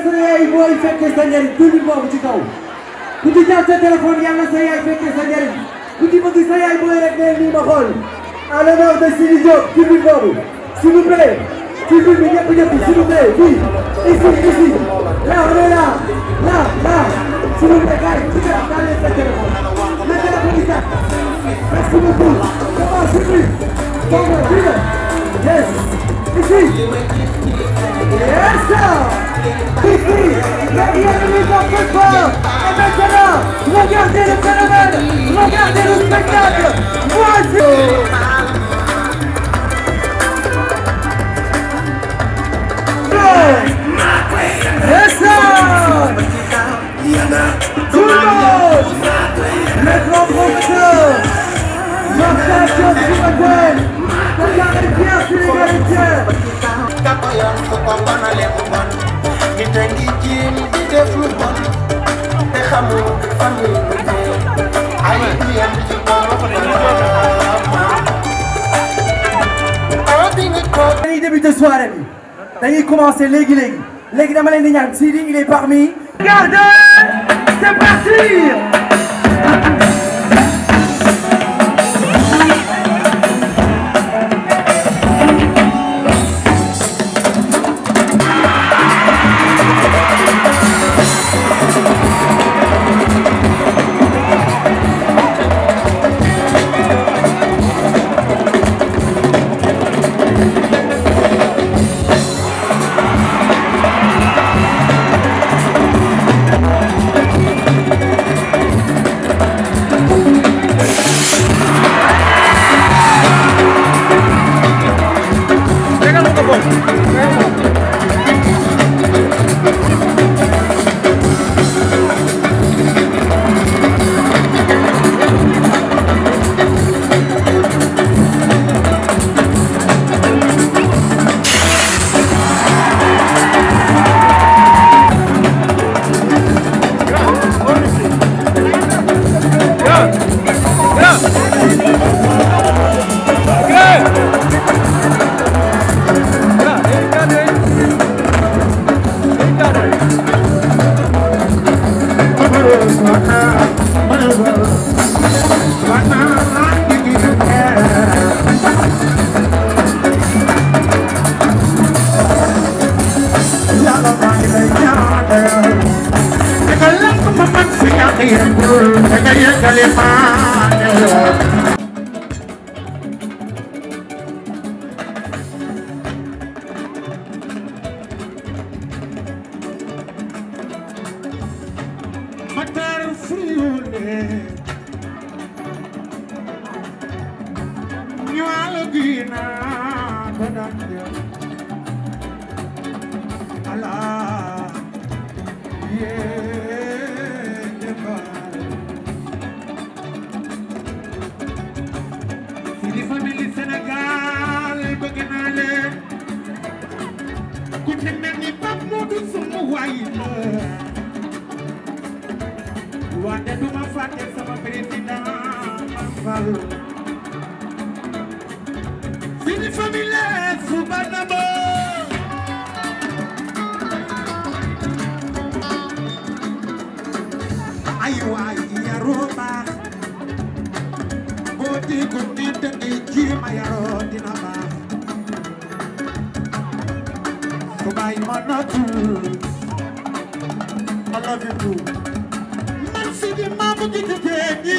sa yaay mooy fekkee sa njariñ ku ci jàpp sa téléphone yàlla sa yaay fekkee sa njariñ ku ci bëgg sa yaay mooy rek nii ma xool à l'honneur de Sidi Diop jullit boobu s'il vous bi ñëpp ñëpp s'il vous plaît fii ici ici là on est là là là s'il vous plaît gars yi ci kanam daal sa téléphone le téléphone yi sax merci beaucoup damaa suñu bon bon fii yes ici yes Ici, les fort Et maintenant, regardez le phénomène Regardez le spectacle Voici Regardez bien, c'est l'égalité! te di jéem di def lu bon te xamul fan la ñu dee ay yéen ci boppam. dañuy débuter soirée bi dañuy commencer léegi léegi léegi dama leen di ñaan Sidi il est parmi. Regardez, c'est parti. wante du ma fàtte sama président Fallou sini famille la fu banabo ay waay yaroo baax boo déggoon nit da ngay jéem a yaroo dina baax ku bàyyi ma nattu I love you di maamu jiite teen yi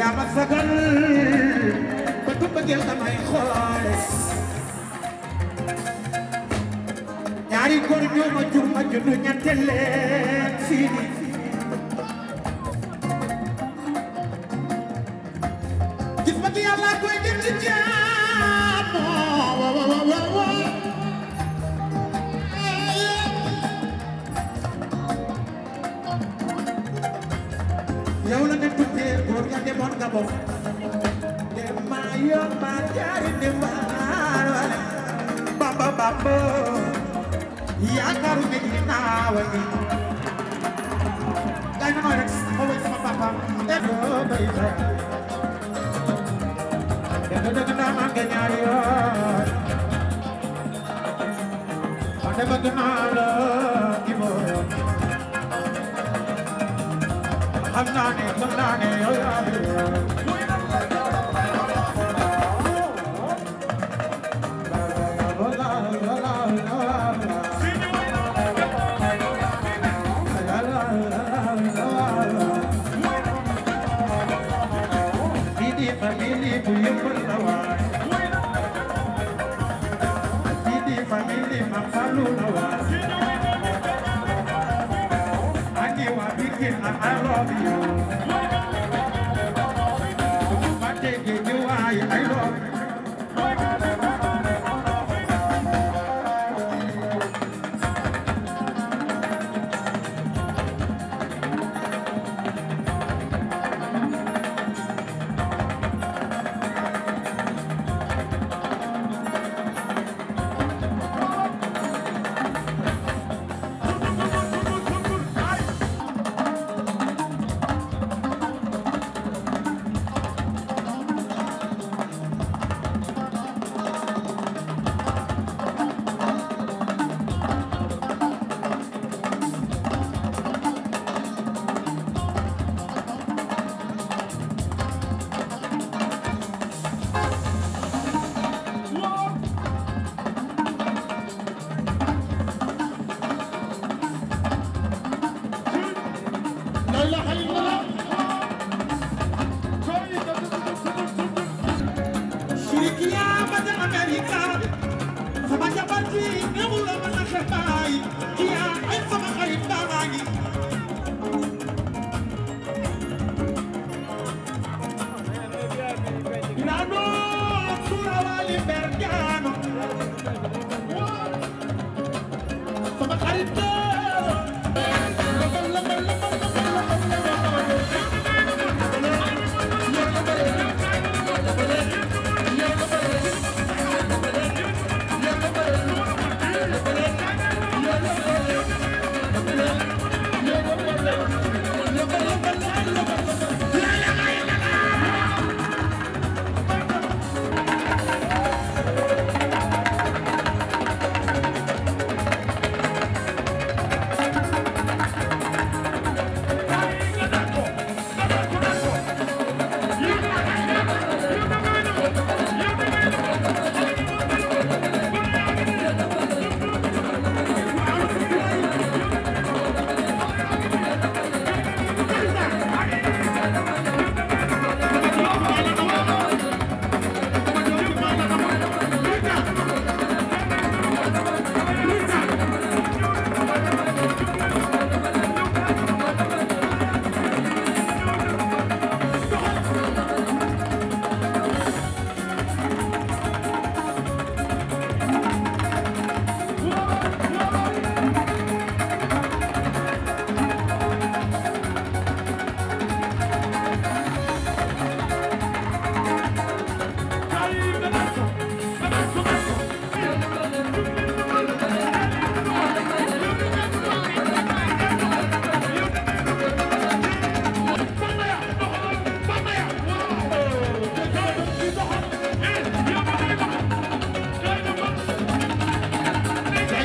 yaa ma sagal ba tu bëggeel damay xooles ñaari góor ñoo ma jur ma juddu ñetteel leen fii gis ma ki yàlla koy jëm ci jaam Gabon dem ma yoon ma jaari ne waar wala bamba bamba yaakaar ne di naawa ni gay na mooy rek moo wéy sama papa e loo bay xew dëgg dëgg naa man nga ñaari yoon man de bëgg naa la naa ne bëgg naa ne and I love you.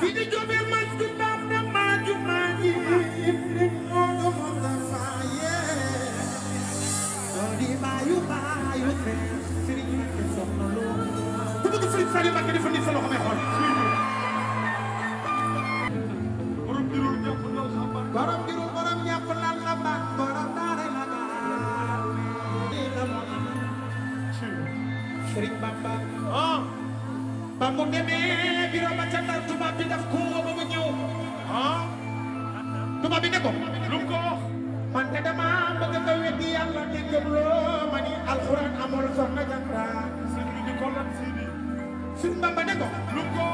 Sidi Diop tubaab bi ne ko lu mu ko wax man de dama bëgg nga weddi yàlla te gëmloo ma ni alxuraan amul soxna jàmbra sëriñ bi ko Bamba ne ko lu mu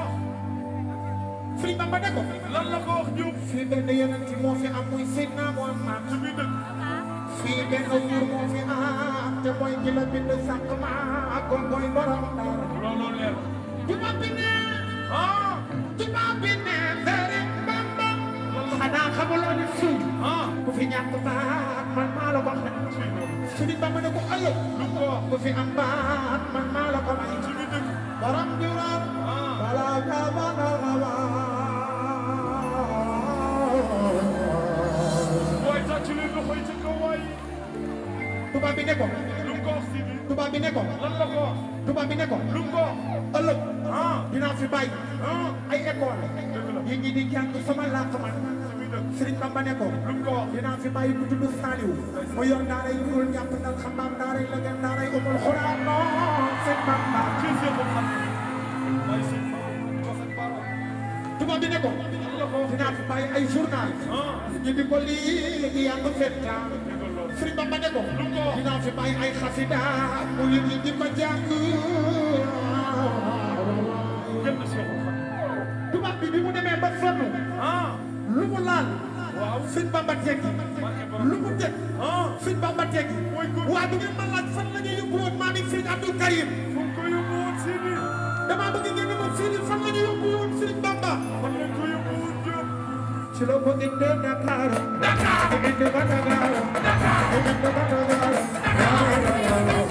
Bamba ne ko lan la ko wax ñu benn yeneen ci moo fi am muy Seydina Muhammad ci biir dëkk fii benn jur moo fi am te mooy ki la bind sànq ma kon mooy borom dara loolu leer tubaab bi ne ah! tubaab bi ne xanaa xamaloo ne fii ah. ku fi ñàkk baat man maa la ko xëy suñu ba mu ne ko ëllëg lu ko ku fi am baat man maa la ko may suñu dëkk borom bi war wala ka bana la waay tàcc leen lu koy jëkk waay tubaab bi ne ko lu ko si bi tubaab bi ne ko lan la ko tubaab bi ne ko lu ko ëllëg ah. dinaa fi bàyyi ah. ay école yi ngi di jàng sama làkk man Sëriñ Bamba ne ko lu mu ko wax dinaa fi bàyyi ku tudd Saliou mu yor daaray kuréel njàpp ndal xam baam daaray la gën daaray umul xuraan no sëñ Bamba tubaab bi ne ko dinaa fi bàyyi ay journal ñu di ko lii yaa ko fetta Sëriñ Bamba ne ko dinaa fi bàyyi ay xasida mu nit ñi di ko jàng sëñ Bamba teggi lu mu teg sëñ ah. Bamba teggi waa du ngeen ma laaj fan la ñu yóbbu woon maa ngi sëñ Abdou Karim dama bëgg la ñu yóbbu woon sëñ Bamba ci la ko indee Dakar Dakar indee ba Dakar